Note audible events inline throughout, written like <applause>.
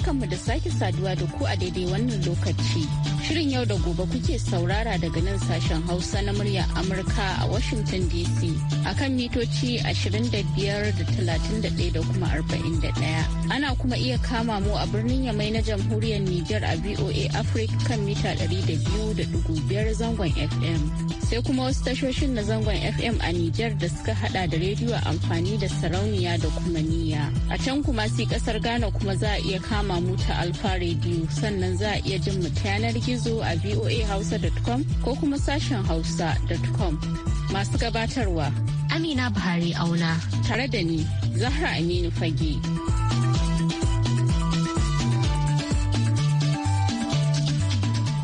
barkanmu da sake saduwa da ku a daidai wannan lokaci. Shirin yau da gobe kuke saurara daga nan sashen Hausa na murya Amurka a Washington DC akan mitoci 25.31 da kuma 41. Ana kuma iya kama mu a birnin Yamai na jamhuriyar Nijar a VOA Africa kan mita 200.5 zangon FM. Sai kuma wasu tashoshin na zangon FM a Nijar da suka hada da rediyo amfani da sarauniya da kuma niya. A can kuma si kasar Ghana kuma za a iya kama mu ta Alfa Radio sannan za a iya jin mu yanar gizo gizo a voahausa.com ko kuma sashen hausa.com. Masu gabatarwa Amina Buhari Auna. Tare da ni, Zahra Aminu Fage.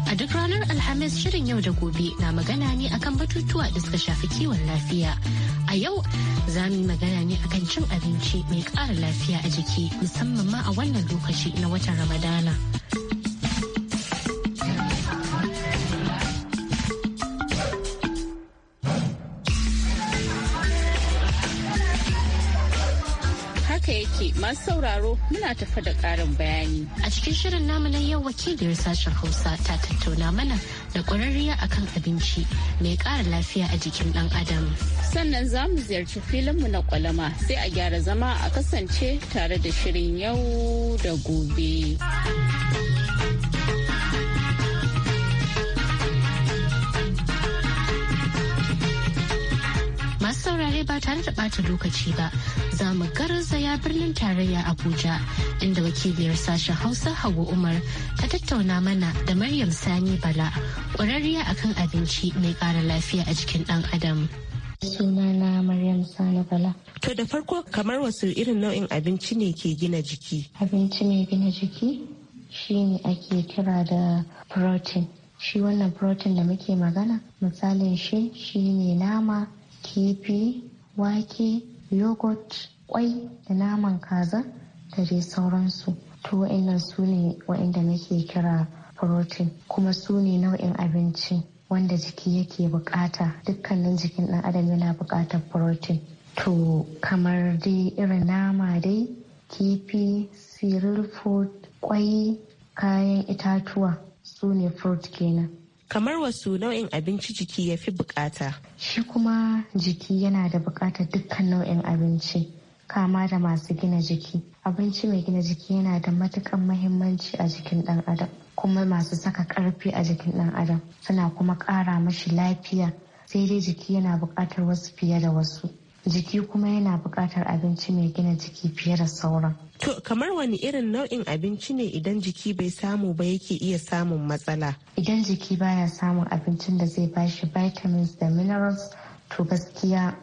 a duk ranar alhamis shirin yau da gobe na magana ne akan batutuwa da suka shafi kiwon lafiya a yau za mu yi magana ne akan cin abinci mai kara lafiya a jiki musamman ma a wannan lokaci na watan ramadana Masu sauraro muna tafa da karin bayani. A cikin shirin namu na yau wakiliyar sashen Hausa ta tattauna mana da ƙwararriya kan abinci mai ƙara lafiya a jikin ɗan adam. Sannan za mu ziyarci filinmu na kwalama sai a gyara zama a kasance tare da shirin yau da gobe. saurare ba tare da ɓata lokaci ba za mu garzaya birnin tarayya Abuja inda wakiliyar sashen Hausa Hawa Umar ta tattauna mana da Maryam Sani Bala ƙwararriya akan abinci mai kara lafiya a jikin ɗan Adam. Sunana Maryam Sani Bala. To da farko kamar wasu irin nau'in abinci ne ke gina jiki? Abinci mai gina jiki shi ake kira da protein. Shi wannan protein da muke magana misalin shi shi ne nama kifi wake yogurt kwai da naman kaza da dai sauransu to wa'annan su ne wa'anda nake kira protein kuma su ne nau'in abinci wanda jiki yake bukata dukkanin jikin ɗan adam yana bukatar protein to kamar dai irin nama dai kifi cereal food kwai kayan itatuwa su ne fruit kenan kamar wasu nau'in abinci jiki ya fi bukata. Shi kuma jiki yana da bukatar dukkan nau'in abinci kama da masu gina jiki. Abinci mai gina jiki yana da matukan mahimmanci a jikin ɗan adam kuma masu saka ƙarfi a jikin ɗan adam suna kuma ƙara mashi lafiya sai dai jiki yana bukatar wasu fiye da wasu. jiki kuma yana buƙatar abinci mai gina jiki fiye da sauran. To kamar wani irin nau'in abinci ne idan jiki bai samu ba yake iya samun matsala? Idan jiki baya samun abincin da zai bashi vitamins da minerals to gaskiya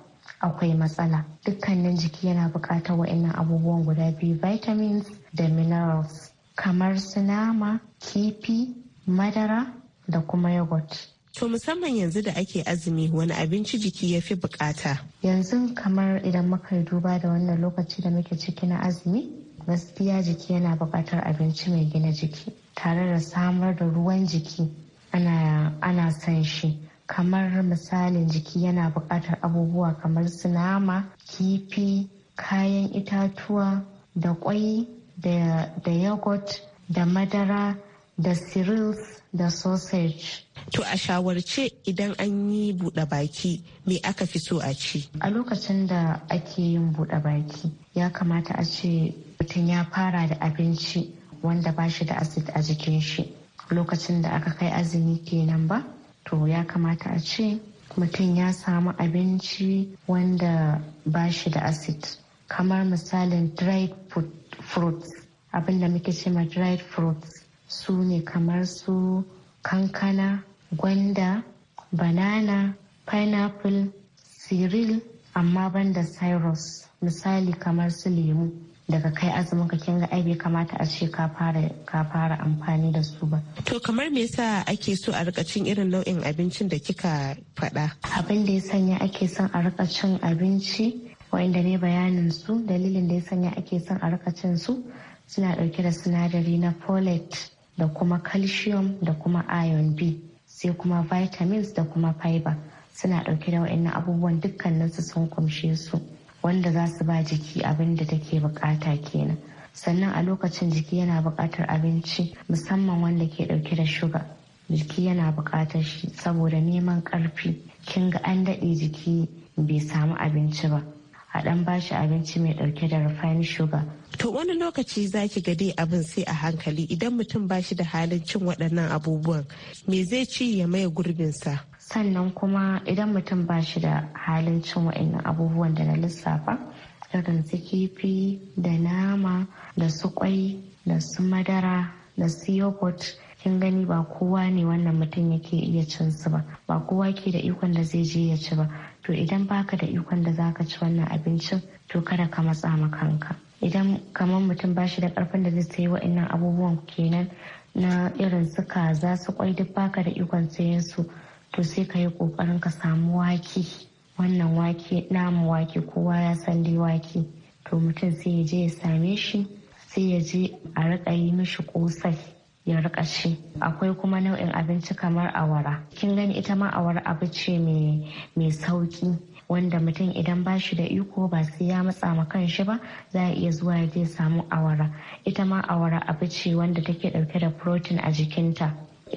akwai matsala. Dukkanin jiki yana buƙatar wa'annan abubuwan guda biyu vitamins da minerals kamar su nama, kifi, madara da kuma yogurt. To musamman yanzu da ake azumi wani abinci jiki ya fi bukata. Yanzu kamar idan muka duba da wannan lokaci da muke ciki na azumi, gaskiya jiki yana bukatar abinci mai gina jiki tare da samar da ruwan jiki ana, ana son shi. Kamar misalin jiki yana bukatar abubuwa kamar su nama, kifi, kayan itatuwa, da kwai, da, da yogurt, da madara, da cereals da sausage. To a shawarce idan an yi buɗe baki me aka fi so a ci? A lokacin da ake yin buɗe baki ya kamata a ce mutum ya fara da abinci wanda ba shi da acid a jikin shi. Lokacin da aka kai azumi kenan ba, to ya kamata a ce mutum ya samu abinci wanda ba shi da acid. Kamar misalin dried fruits, abinda muke ce ma dried fruits. su ne kamar su kankana gwanda banana pineapple cyril amma banda cyrus misali kamar su lemu daga kai azumin ka kinga ai bai kamata a ce ka fara ka fara amfani da su ba to kamar me yasa ake so a rika cin irin nau'in abincin da kika faɗa abin da ya sanya ake son a rika cin abinci wa'inda ne bayanin su dalilin da ya sanya ake son a rika cin su suna ɗauke da sinadari na folate da kuma calcium da kuma iron b sai kuma vitamins da kuma fiber suna ɗauke da waɗannan abubuwan dukkaninsu sun kumshe su wanda za su ba jiki abin da take bukata kenan sannan a lokacin jiki yana buƙatar abinci musamman wanda ke ɗauke da shuga jiki yana buƙatar shi saboda neman ƙarfi kin ga an daɗe jiki bai samu abinci ba a ɗan bashi abinci mai ɗauke da refined sugar to wani lokaci za ki ga dai abin sai a hankali idan mutum ba shi da halin cin waɗannan abubuwan me zai ci ya maye gurbinsa sannan kuma idan mutum ba shi da halin cin waɗannan abubuwan da na lissafa irin su kifi da nama da su kwai da su madara da su yogurt kin gani ba kowa ne wannan mutum yake iya cin su ba ba kowa ke da ikon da zai je ya ci ba to idan baka da ikon da zaka ci wannan abincin to kada ka matsa ma kanka idan kamar mutum ba shi da karfin da zai sayi wa'annan abubuwan kenan na irin su kaza su kwai duk baka da ikon sayan su to sai ka yi kokarin ka samu wake wannan wake namu wake kowa ya san dai wake to mutum sai ya je ya same shi sai ya je a rika yi mishi kosai ya rika ci akwai kuma nau'in abinci kamar awara kin gani ita ma awara abu ce mai sauki wanda mutum idan ba shi da iko ba sai ya matsa ma kan shi ba za a iya zuwa ya je samu awara ita ma awara abu ce wanda take dauke da protein a jikinta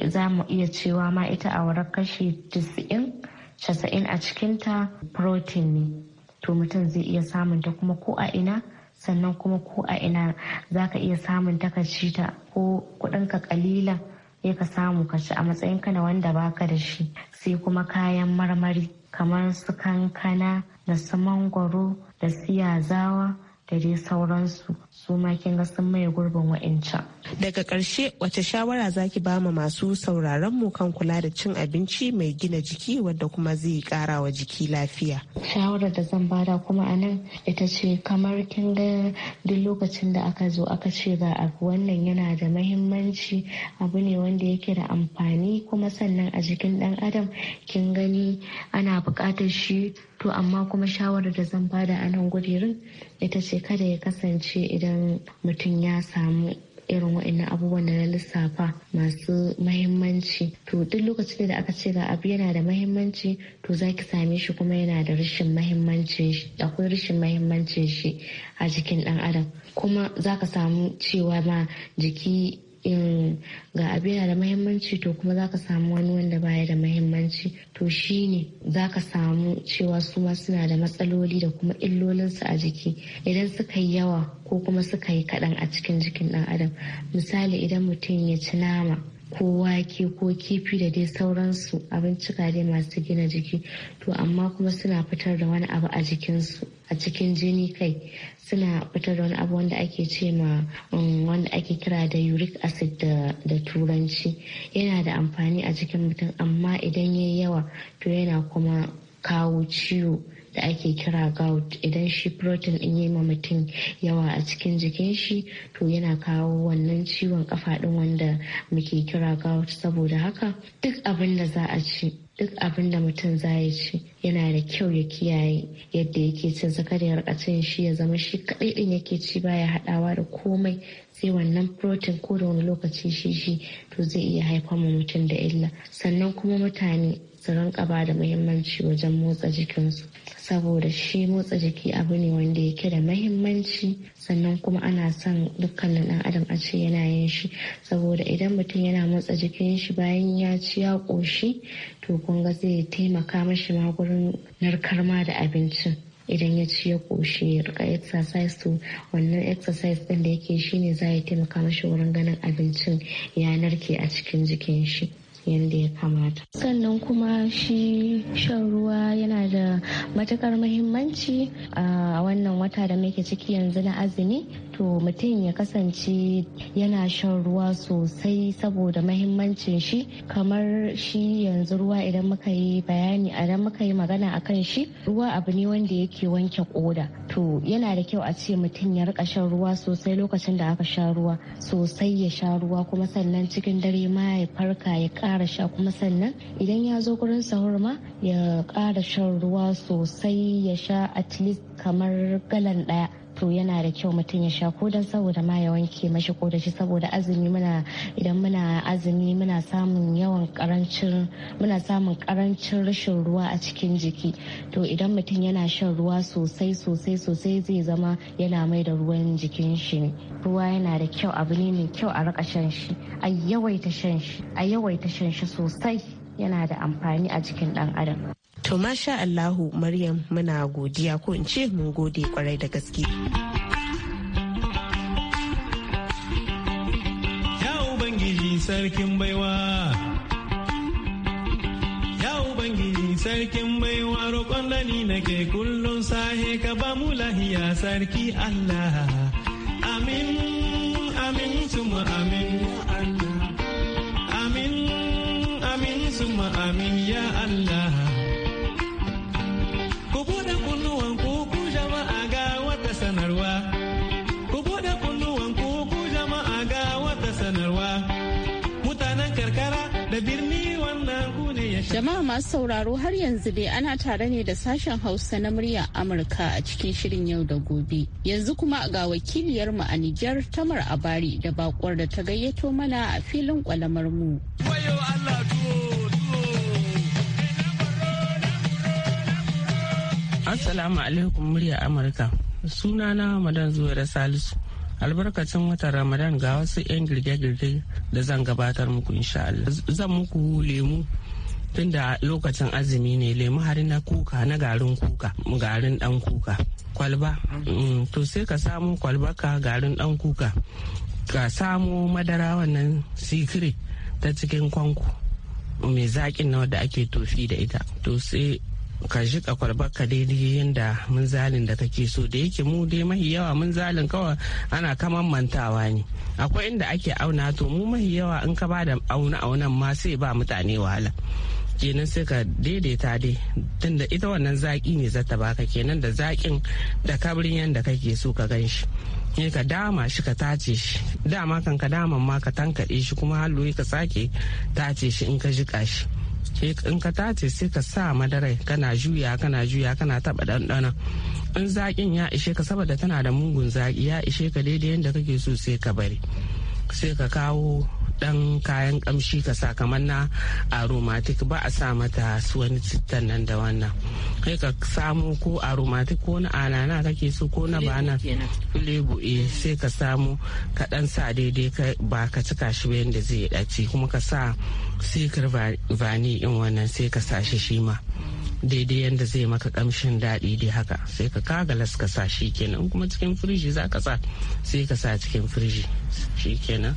za mu iya cewa ma ita awara kashi 90 casa'in a cikinta protein ne to mutum zai iya samun ta kuma ko a ina sannan kuma ko a ina za ka iya samun ta ka ci ta ko kudinka kalilan sai ka samu ka ci a matsayin ka na wanda baka da shi sai kuma kayan marmari kamar su kankana da su mangwaro da su yazawa da dai sauransu su ma kin ga sun maye gurbin wa'ancan. Daga ƙarshe wace shawara zaki ba ma masu sauraron mu kan kula da cin abinci mai gina jiki wanda kuma zai ƙara wa jiki lafiya. Shawarar da zan bada kuma a nan ita ce kamar kin ga duk lokacin da aka zo aka ce ga abu wannan yana da mahimmanci abu ne wanda yake da amfani kuma sannan a jikin ɗan adam kin gani ana buƙatar shi to amma kuma shawarar da zan bada a nan gudirin ita ce kada ya kasance idan mutum ya samu irin wa'annan abubuwan da na lissafa masu mahimmanci to duk lokacin da aka ce ga abu yana da mahimmanci to za ki same shi kuma yana da rashin mahimmanci akwai rashin mahimmancin shi a jikin dan adam kuma za ka samu cewa ma jiki in ga abu yana da mahimmanci to kuma za ka samu wani wanda baya da mahimmanci to shine za ka samu cewa su ma suna da matsaloli da kuma illolinsu a jiki idan suka yi yawa ko kuma suka yi kaɗan a cikin jikin ɗan adam misali idan mutum ya ci nama ko wake ko kifi da dai sauransu abincika dai masu gina jiki to amma kuma suna fitar da wani abu a jikinsu a cikin jini kai suna fitar da wani abu wanda ake ce ma um, wanda ake kira da uric acid da turanci yana da amfani a jikin mutum amma idan ya yawa to yana kuma kawo ciwo da ake kira gout idan shi protein din yi ma mutum yawa a cikin jikin shi to yana kawo wannan ciwon kafa din wanda muke kira gout saboda haka duk abin da za a ci duk abin da mutum za ya ci yana da kyau ya kiyaye yadda yake cin zakar ya rika cin shi ya zama shi kaɗai ɗin yake ci baya haɗawa da komai sai wannan protein ko da wani lokaci shi shi to zai iya haifar ma mutum da illa sannan kuma mutane su rinka ba da muhimmanci wajen motsa jikinsu saboda shi motsa jiki abu ne wanda yake da mahimmanci sannan kuma ana son dukkanin dan adam a ce yana yin shi saboda idan mutum yana motsa jikin shi bayan ya ci ya koshi to kun ga zai taimaka mashi ma gurin narkar ma da abincin idan ya ci ya koshi ya rika exercise to wannan exercise ɗin da yake shine za ya taimaka mashi wurin ganin abincin ya narke a cikin jikin shi yadda ya kamata sannan kuma shi shan ruwa yana da matukar muhimmanci a wannan wata da muke ciki yanzu na azumi to mutum ya kasance yana shan ruwa sosai saboda mahimmancin shi kamar shi yanzu ruwa idan muka yi bayani idan muka yi magana a kan shi ruwa abu ne wanda yake wanke koda to yana da kyau a ce mutum ya rika shan ruwa sosai lokacin da aka sha ruwa sosai ya sha ruwa kuma sannan cikin dare ma ya farka ya kara sha kuma sannan idan ya zo gurin sahur ma ya kara shan ruwa sosai ya sha at least kamar galan ɗaya. to yana da kyau mutum ya sha ko dan saboda ma ya wanke mashi ko da shi saboda azumi muna idan muna azumi muna samun yawan karancin muna samun karancin rashin ruwa a cikin jiki to idan mutum yana shan ruwa sosai sosai sosai zai zama yana mai da ruwan jikin shi ruwa yana da kyau abu ne mai kyau a rika shan shi a yawaita shan shi a yawaita shan shi sosai yana da amfani a jikin dan adam To masha Allahu Maryam muna godiya ko in ce mun gode kwarai da gaske. Ya Ubangiji sarkin baiwa. Ya Ubangiji sarkin baiwa roƙon da ni nake kullum sahe ka ba mu lahiya sarki Allah. Amin, amin, tuma amin Amin, amin, tuma amin ya Allah. masu sauraro har yanzu dai ana tare ne da sashen Hausa na murya Amurka a cikin shirin yau da gobe. Yanzu kuma ga wakiliyarmu a Nijar Tamar Abari da bakwar da ta gayyato mana a filin kwalamar mu. Assalamu alaikum murya Amurka. suna na Madan Zuwa Salisu. albarkacin watan ramadan ga wasu 'yan girge-girge da zan gabatar muku insha'Allah Zan muku lemu tunda lokacin azumi ne lemu har na kuka na garin kuka garin dan kuka kwalba mm, to sai ka samu ka garin dan kuka ka samu madara wannan sikiri ta cikin kwanku mai zaƙin na wadda ake tofi da ita to sai ka kwalba ka daidai yadda munzalin da kake so da yake mu dai mahi yawa munzalin kawai ana kaman mantawa ne akwai inda ake auna to mu mahi yawa in ka ba da auna aunan ma sai ba mutane wahala kenan sai ka daidaita dai tunda ita wannan zaki ne zata baka kenan da zakin da kabrin yadda kake so ka gan shi ne ka dama shi ka tace shi dama kan ka dama ma ka tankaɗe shi kuma halloyi ka sake tace shi in ka jiƙa shi in ka tace sai ka sa madarai kana juya kana juya kana taba ɗanɗana in zaƙin ya ishe ka saboda tana da mugun zaƙi ya ishe ka daidai yadda kake so sai ka bari sai ka kawo dan kayan kamshi ka sa kamar na aromatic ba a sa mata su wani cittan nan da wannan kai ka samu ko aromatic ko na anana kake so ko na bana lebo eh sai ka samu ka dan sa daidai ba ka cika shi ba yanda zai dace kuma ka sa sikir vani in wannan sai ka sa shi shima daidai yadda zai maka kamshin daɗi dai haka sai ka kagalas ka sa shi kenan kuma cikin firiji za ka sa sai ka sa cikin firiji shi kenan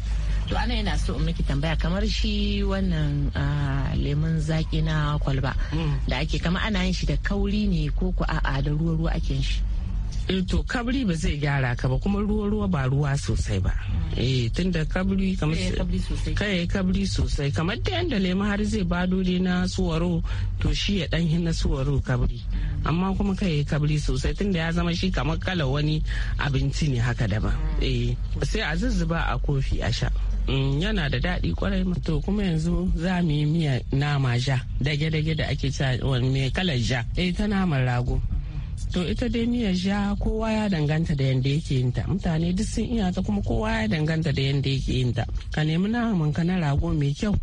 to ana yana so in miki tambaya kamar shi wannan ah, lemun zaki na kwalba mm. da ake kama ana yin shi da kauri ne ko ku a'a da ruwa ruwa ake shi eh, to kabri ba zai gyara ka ba kuma ruwa ruwa ba ruwa sosai ba eh tunda kabri kamar kai kabri sosai kamar da yanda lemu har zai ba dai na suwaro to shi ya dan na suwaro kabri amma kuma kai kabri sosai tunda ya zama shi kamar kala wani abinci ne haka daban mm. eh sai a zuzzuba a kofi a sha Mm, yana da daɗi kwarai to kuma yanzu za mu yi miya nama ja dage-dage da ake cewa mai kalar ja eh ta naman rago to ita dai miyar ja kowa ya danganta da yadda yake yin ta mutane duk sun iya ta kuma kowa ya danganta da yadda yake yin ta ka nemi naman ka na rago mai kyau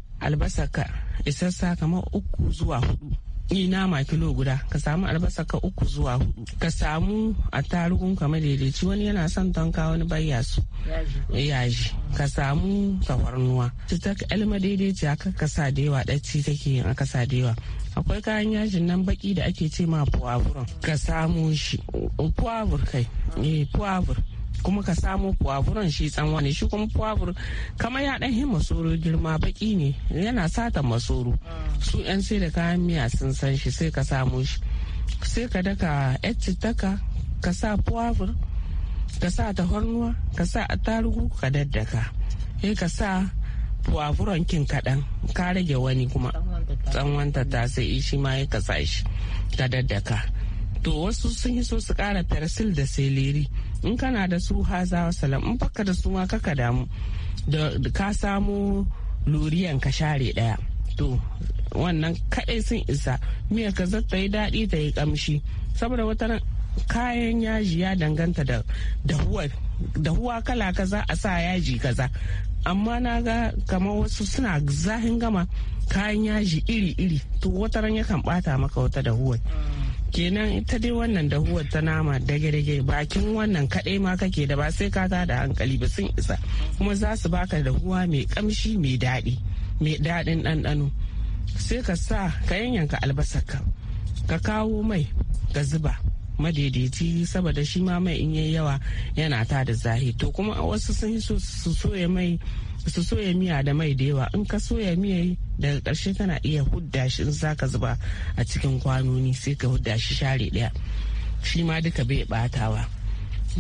ka isassa kamar uku zuwa hudu yi nama kilo guda ka samu albasa ka uku zuwa hudu ka samu attarugun ka madaidaici wani yana son tonka wani bayya su yaji ka samu tafarnuwa ta alma daidaici aka kasa da yawa ɗaci take yin aka sa da yawa akwai kayan yajin nan baki da ake ce ma puwavuron ka samu shi puwavur kai eh, puwavur kuma ka samo puwavuran shi tsanwa ne shi kuma puwavur kamar ya dan hin masoro girma baki ne yana sata masoro su yan sai da kayan miya sun san shi sai ka samo shi sai ka daka yar taka ka sa puwavur ka sa ta hannuwa ka sa attarugu ka daddaka sai ka sa puwavuran kin kaɗan ka rage wani kuma ta sai shi ma ya ka sa shi ka daddaka to wasu sun yi so su kara persil da seleri in kana da su haza salam in baka da su ma kaka damu da ka samu loriyan ka share daya to wannan kadai sun isa miyar ka zata yi daɗi ta yi kamshi saboda wata kayan yaji ya danganta da huwa kala kaza a sa yaji kaza amma na ga kamar wasu suna zahin gama kayan yaji iri-iri to wata ran yakan bata maka wata da dahuwar kenan ita dai wannan dahuwar ta nama dage-dage bakin wannan kaɗai ma kake da ba sai kaka da hankali ba sun isa kuma za su baka dahuwa mai kamshi mai daɗi mai daɗin ɗanɗano sai ka sa ka yanyanka albasarka ka kawo mai ga zuba madaidaici saboda shi ma mai in yayi yawa yana ta da zahi to kuma wasu sun so su soya mai su soya miya da mai da yawa in ka soya miya daga karshe kana iya hudda shi in zaka zuba a cikin kwanoni sai ka hudda shi share ɗaya shi ma duka bai batawa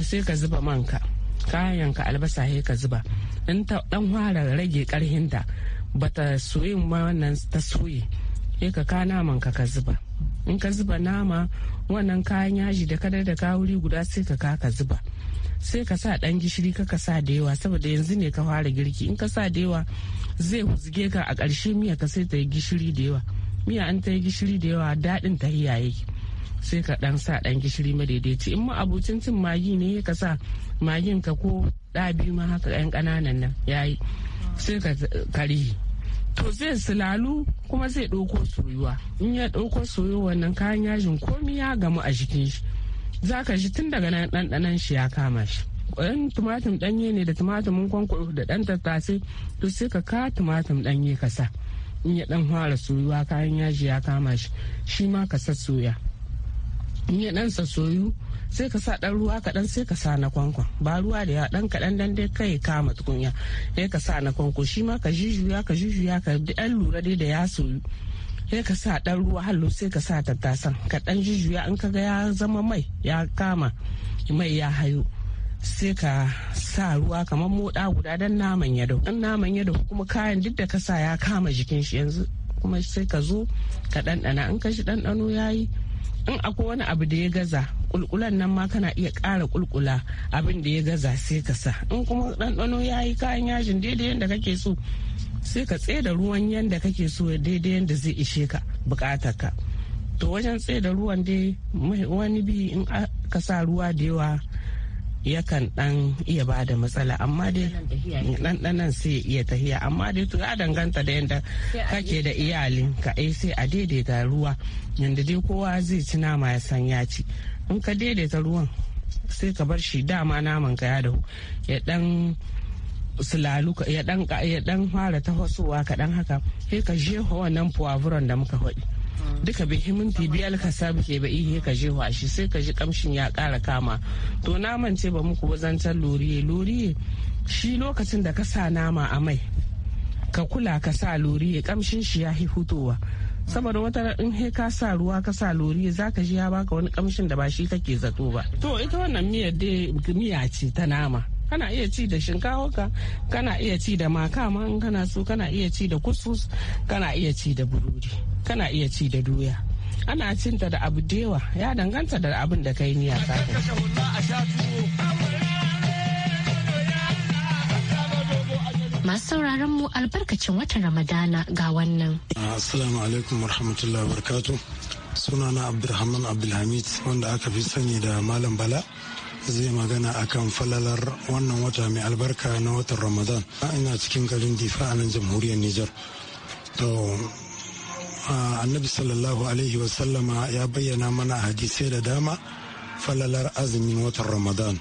sai ka zuba manka kayan ka albasa sai ka zuba in ta dan fara rage karhinta bata soyin ma wannan ta soye sai ka ka naman ka ka zuba in ka zuba nama wannan kayan yaji da kadar da ka wuri guda sai ka ka zuba sai ka sa ɗan gishiri ka ka sa da yawa saboda yanzu ne ka fara girki in ka sa da yawa zai huzge ka a ƙarshe miya ka sai ta yi gishiri da yawa miya an ta yi gishiri da yawa daɗin ta hiyaye sai ka ɗan sa ɗan gishiri madaidaici in ma abincin cin magi ne ka sa magin ka ko biyu ma haka ƴan ƙananan nan yayi sai ka karihi to zai sulalu kuma zai ɗauko soyuwa in ya ɗauko soyuwa wannan kayan yajin komi ya gamu a jikin shi za ka ji tun daga ɗanɗanan shi ya kama shi ƙwayan tumatum ɗanye ne da tumatumin kwankwaɗo da ɗan tattasai to sai ka ka tumatum ɗanye ka sa in ya ɗan fara soyuwa kayan yaji ya kama shi shi ma ka soya in ya ɗan soyu sai ka sa ɗan ruwa kaɗan sai ka sa na kwankwa ba ruwa da ya ɗan kaɗan dan dai kai kama tukunya sai ka sa na kwankwa shi ma ka jujjuya ka jujjuya ka ɗan lura dai da ya soyu sai ka sa dan ruwa hallo sai ka sa tattasan ka dan jujjuya in ka ga ya zama mai ya kama mai ya hayo sai ka sa ruwa kamar moɗa guda dan naman ya dau dan naman ya dau kuma kayan duk da ka sa ya kama jikin shi yanzu kuma sai ka zo ka ɗanɗana in ka shi ɗanɗano ya yi in akwai wani abu da ya gaza kulkulan nan ma kana iya ƙara kulkula abin da ya gaza sai ka sa in kuma ɗanɗano ya yi kayan yajin daidai yadda kake so sai ka tsaida ruwan yanda kake so daidai yadda zai ishe ka bukatar ka to wajen tsaida ruwan dai wani bi in aka sa ruwa da yawa yakan dan iya ba da matsala amma dai ɗanɗanan sai iya tahiya amma dai to ya danganta da yadda kake da iyalin ka ai eh, sai a daidaita ruwa yadda dai kowa zai ci nama ya san ya ci in ka daidaita ruwan sai ka bar shi dama naman ka ya dahu ya dan sulalu ya dan ya dan fara ka kaɗan haka sai ka jefa wannan puwavuron da muka faɗi duka bi himin biyar ka sabu ke ba ihe ka je shi sai ka ji kamshin ya kara kama to na ce ba muku wazantar loriye loriye shi lokacin da ka sa nama a mai ka kula ka sa loriye kamshin shi ya hutowa saboda wata in he ka sa ruwa ka sa lori za ka ji ya baka wani kamshin da ba shi kake zato ba to ita wannan miyar dai miya ce ta nama kana iya ci da shinkawarka kana iya ci da maka kana so kana iya ci da kusus kana iya ci da burodi kana iya ci da doya ana cinta da abu dewa ya danganta da abin da kai niyya ta masu sauraron mu albarkacin watan ramadana ga wannan ah, assalamu alaikum warahmatullahi wabarakatuh sunana abdulrahman abdulhamid wanda aka fi sani da malam bala zai magana akan falalar wannan wata mai albarka na watan ramadan ina cikin garin difa a nan jamhuriyar nijar to annabi sallallahu alaihi wasallama ya bayyana mana hadisai da dama falalar azumin watan ramadan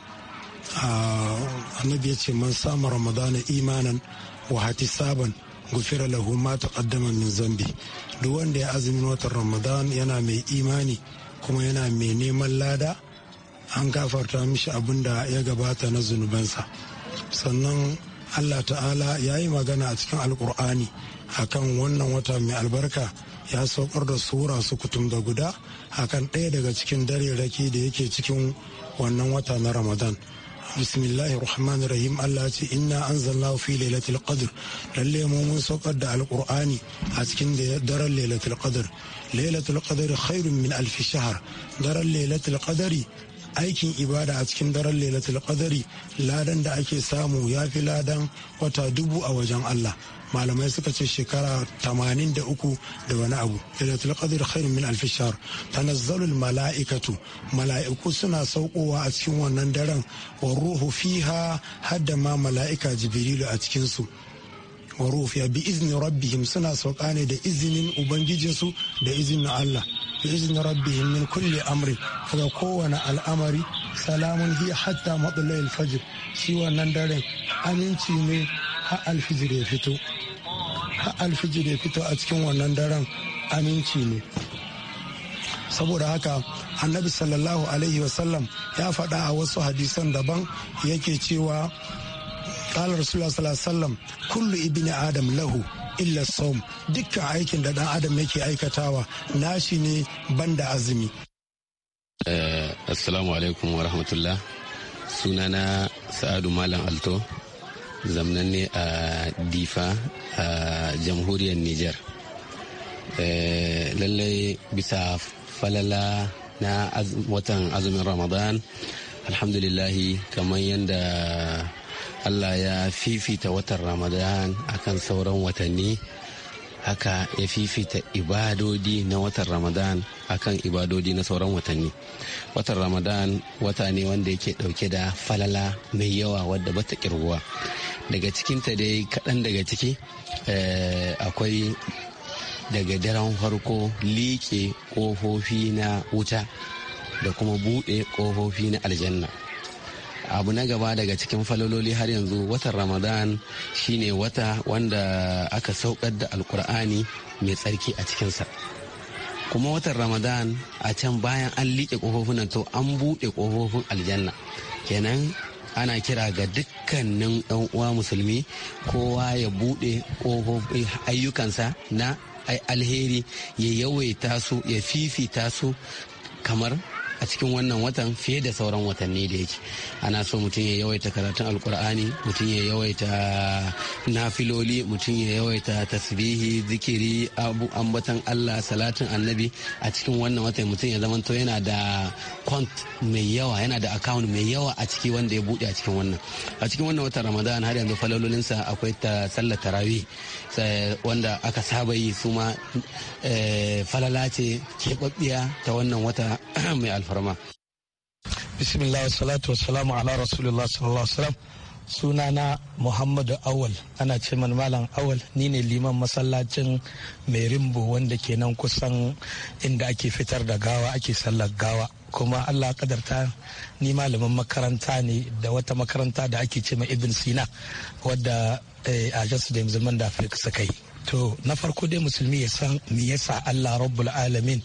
annabi ya ce man samu ramadana imanan wa hatisaban gufira lahu ma taqaddama min zambi duk wanda ya azumin watan ramadan yana mai imani kuma yana mai neman lada an gafarta mishi abin da ya gabata na zunubansa sannan allah ta'ala ya yi magana a cikin alkur'ani akan wannan wata mai albarka ya saukar da sura su kutum da guda akan ɗaya daga cikin dare raki da yake cikin wannan wata na ramadan bismillahir rahmanir rahim Allah ce inna anzalnahu fi lailatul qadr lalle mu mun saukar da alqur'ani a cikin daren lailatul qadr lailatul qadr khairun min alf shahr daren lailatul qadri aikin ibada a cikin daren lailatul qadari ladan da ake samu ya fi ladan wata dubu a wajen Allah malamai suka ce shekara 83 da wani abu lailatul qadr khairun min alf shahr tanazzalul malaikatu malaiku suna saukowa a cikin wannan daren wa ruhu fiha hadda ma malaika jibrilu a cikin su wa rufiya bi izni rabbihim suna sauka ne da izinin ubangijinsu da izinin Allah bi izinin rabbihim min kulli amri daga kowane al'amari salamun hiya hatta matsalai alfajir shi wannan daren aminci ne ha alfijir ya fito alfijir ya fito a cikin wannan daren aminci ne saboda haka annabi sallallahu alaihi wasallam ya faɗa a wasu hadisan daban yake cewa qala rasulullah sallallahu alaihi wasallam kullu ibni adam lahu illa som dukka aikin da dan adam yake aikatawa nashi ne banda azumi assalamu alaikum wa rahmatullah sunana sa'adu malam alto zamnan ne a difa a jamhuriyar niger lallai bisa falala na watan azumin ramadan alhamdulillahi kamar yadda allah ya fifita watan ramadan akan sauran watanni haka ya fifita ibadodi na watan ramadan akan ibadodi na sauran watanni watan ramadan wata ne wanda yake dauke da falala mai yawa wadda bata kirguwa daga cikinta dai kaɗan daga ciki eh, akwai daga daren farko liƙe ƙofofi na wuta da kuma buɗe ƙofofi na aljanna abu na gaba daga cikin falololi har yanzu watan ramadan shine wata wanda aka saukar da alkur'ani mai tsarki a cikinsa kuma watan ramadan a can bayan an liƙe ƙofofin to an buɗe ƙofofin aljanna kenan ana kira ga dukkanin ɗan uwa musulmi kowa ya buɗe ƙofofin ayyukansa na alheri ya yawaita su ya fifita su kamar a cikin wannan watan fiye da sauran watanni da yake ana so mutum ya yawaita karatun alkur'ani mutum ya yawaita nafiloli mutum ya yawaita tasbihi zikiri abu ambatan allah salatin annabi a cikin wannan watan mutum ya zamanto yana da kwant mai yawa yana da account mai yawa a ciki wanda ya bude a cikin wannan a cikin wannan watan ramadan har yanzu falalolinsa akwai ta sallar tarawih eh, wanda aka saba yi su ma eh, falala ce keɓaɓɓiya ta wannan wata <clears throat> mai alfarma bismillah salatu salamu ala rasulullah sallallahu alaihi sunana muhammadu awal ana ce man malam awal ni ne liman masallacin merimbo wanda ke nan kusan inda ake fitar da gawa ake sallar gawa kuma allah kadarta ni malamin makaranta ne da wata makaranta da ake ce ma ibn sina wadda eh, a jasu da musulman da afirka suka yi to na farko dai musulmi ya san me yasa allah rabbul alamin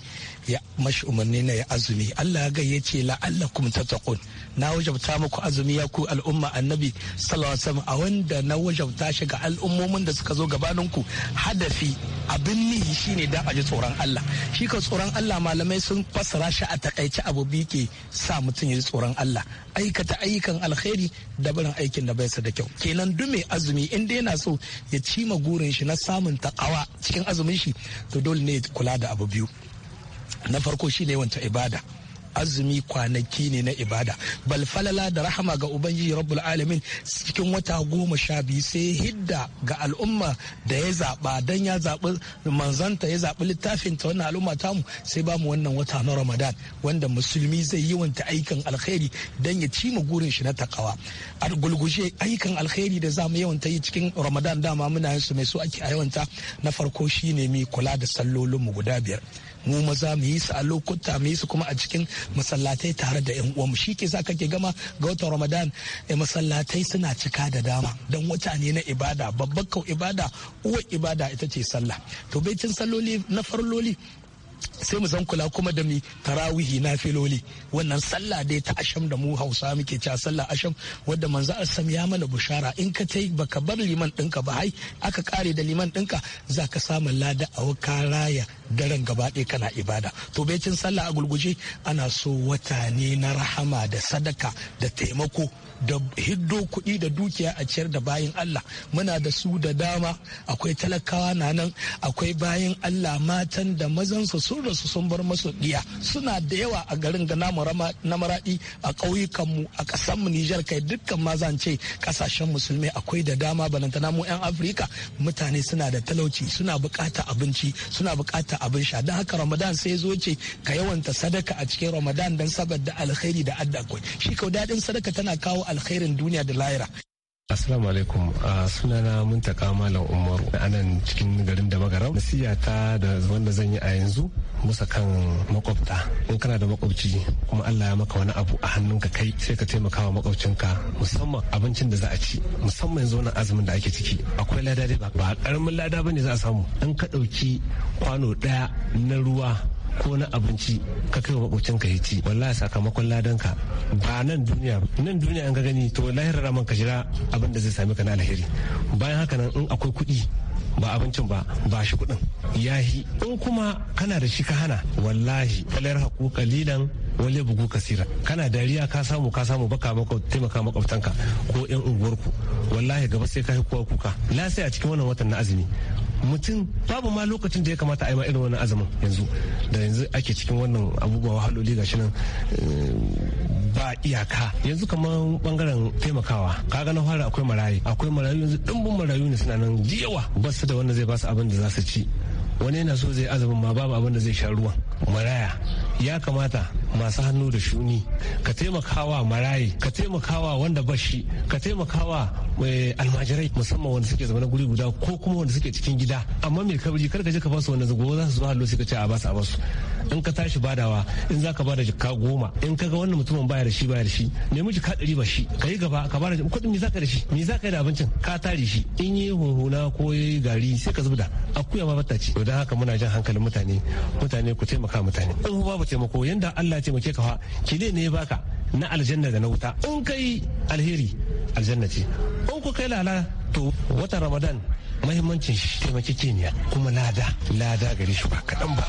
ya mashi umarni na ya azumi Allah ga ya ce la'allakum tattaqun na wajabta muku azumi ya ku al'umma annabi sallallahu alaihi wasallam a wanda na wajabta shi ga al'ummomin da suka zo gabanin ku hadafi abin nihi shine da a ji tsoron Allah shi ka tsoron Allah malamai sun fassara shi a takaice abu biyu ke sa mutum ya ji tsoron Allah aikata ayyukan alkhairi da barin aikin da bai sa da kyau kenan dume azumi in dai yana so ya cima gurin shi na samun takawa cikin azumin shi to dole ne kula da abu biyu na farko shine wanta ibada azumi kwanaki ne na ibada bal falala da rahama ga ubangiji rabbul alamin cikin wata goma sha biyu sai hidda ga al'umma da ya zaɓa dan ya zaɓi manzanta ya zaɓi littafin ta wannan al'umma tamu sai ba mu wannan wata na ramadan wanda musulmi zai yi wanta aikan alkhairi dan ya ci mu gurin shi na takawa a gulguje aikan alkhairi da za mu yawanta yi cikin ramadan dama muna yin su mai so ake a yawanta na farko shine mi kula da sallolin mu guda biyar mu maza mu yi su a lokuta mu yi su kuma a cikin masallatai tare da yan mu shi ke sa kake gama ga watan ramadan eh, masallatai suna cika da dama don wata ne na ibada babbar kau ibada uwar ibada ita ce sallah to baitin salloli na farloli sai mu zan kula kuma da mi tarawihi na filoli wannan sallah dai ta asham da mu hausa muke cewa sallah asham wadda manzo sam ya mana bushara in ka tai baka bar liman dinka ba hai aka kare da liman dinka za ka samu lada a wuka raya daren gaba ɗaya kana ibada to becin sallah a gulguje ana so wata ne na rahama da sadaka da taimako da hiddo kuɗi da dukiya a ciyar da bayan Allah muna da su da dama akwai talakawa na nan akwai bayan Allah matan da mazansu sun rasu sun bar masu diya suna da yawa a garin ga na maraɗi a ƙauyukanmu a ƙasanmu Nijar kai dukkan ma zan ce ƙasashen musulmi akwai da dama ta mu 'yan Afirka mutane suna da talauci suna buƙata abinci suna buƙata abin sha don haka Ramadan sai zo ce ka yawanta sadaka a cikin Ramadan don saboda alkhairi da adda shi kau daɗin sadaka tana kawo alkhairin duniya da lahira. Assalamu alaikum a ah, sunana Muntaka Malam Umaru a nan cikin garin da magara Nasiya ta da wanda zan yi a yanzu musa kan makwabta in kana da makwabci kuma Allah ya maka wani abu a hannun ka kai sai ka taimaka wa makwabcinka musamman abincin da za a ci musamman yanzu wannan azumin da ake ciki akwai lada dai ba karamin lada bane za a samu in ka ɗauki kwano ɗaya na ruwa ko na abinci ka kai wa makocinka ya ci wallahi sakamakon ladanka ba nan duniya nan duniya an ka gani to lahirar raman ka jira abin da zai sami ka na alheri bayan haka nan in akwai kuɗi ba abincin ba ba shi kuɗin yahi in kuma kana da shi ka hana wallahi kalar haku kalilan wale bugu kasira kana dariya ka samu ka samu baka maka taimaka makwabtanka ko yan unguwarku wallahi gaba sai ka yi kuka la sai a cikin wannan watan na azumi mutum babu ma lokacin da ya kamata a yi ma irin wani azumin yanzu da yanzu ake cikin wannan abubuwa wahaloli gashi nan eh, ba iyaka yanzu kamar bangaren taimakawa kaga na fara akwai marayu akwai marayu yanzu dimbin marayu ne suna nan yawa ba su da wanda zai ba su abin da za su ci wani yana so zai azumin ma babu abin da zai sha ruwan maraya ya kamata masu hannu da shuni ka taimakawa marayi ka taimakawa wanda bashi ka taimakawa Eh, almajirai musamman wanda suke zama na guri guda ko kuma wanda suke cikin gida amma mai kabri kar ka je ka ba su wanda zago za su zo hallo sai ka ce a ba su a ba su in ka tashi badawa in za ka bada jikka goma in ka ga wannan mutumin baya da shi baya da shi nemi jikka ɗari ba shi ka yi gaba ka bada kuɗin me za ka da shi me za ka yi da abincin ka tare shi in yi huhuna ko yi gari sai ka zubda akuya ma bata ci don haka muna jan hankalin mutane mutane ku taimaka mutane in babu taimako yanda Allah ya taimake ka fa kile ne ya baka na aljanna da na wuta in kai alheri aljanna ce in ku kai lala to watan ramadan mahimmancin shi taimakekeniya kuma lada lada gare shi ba kaɗan ba.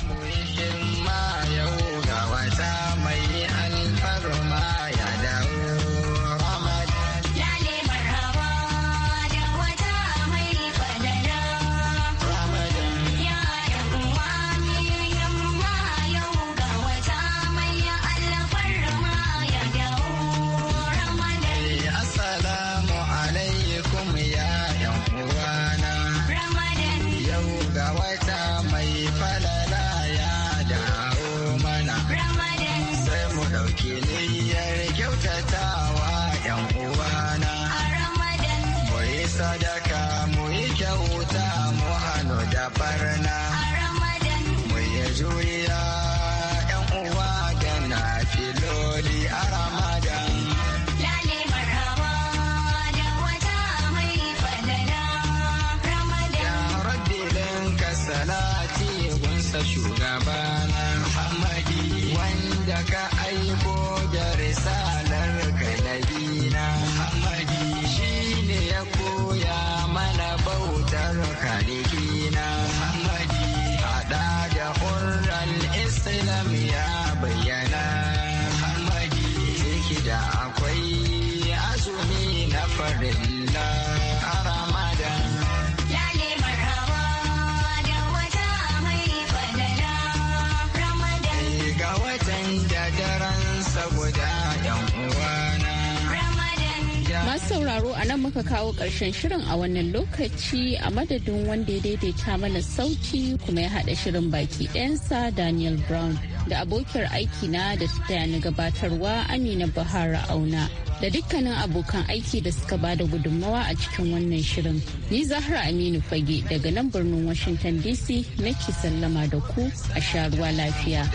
sauraro a nan muka kawo ƙarshen shirin a wannan lokaci a madadin wanda ya daidaita mana sauti kuma ya haɗa shirin baki ɗansa Daniel Brown da abokiyar aikina da ta gabatarwa Amina Bahara Auna da dukkanin abokan aiki da suka ba da gudunmawa a cikin wannan shirin. Ni Zahra Aminu Fage daga nan birnin Washington DC nake sallama da ku a sha ruwa lafiya.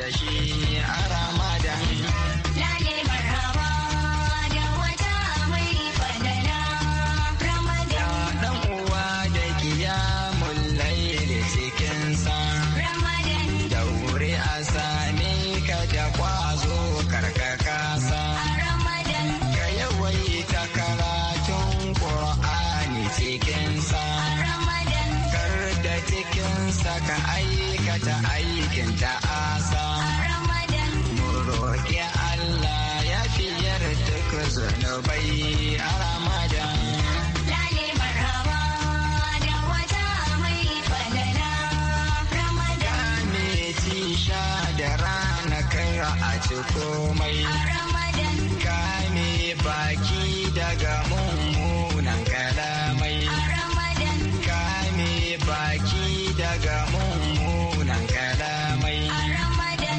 people.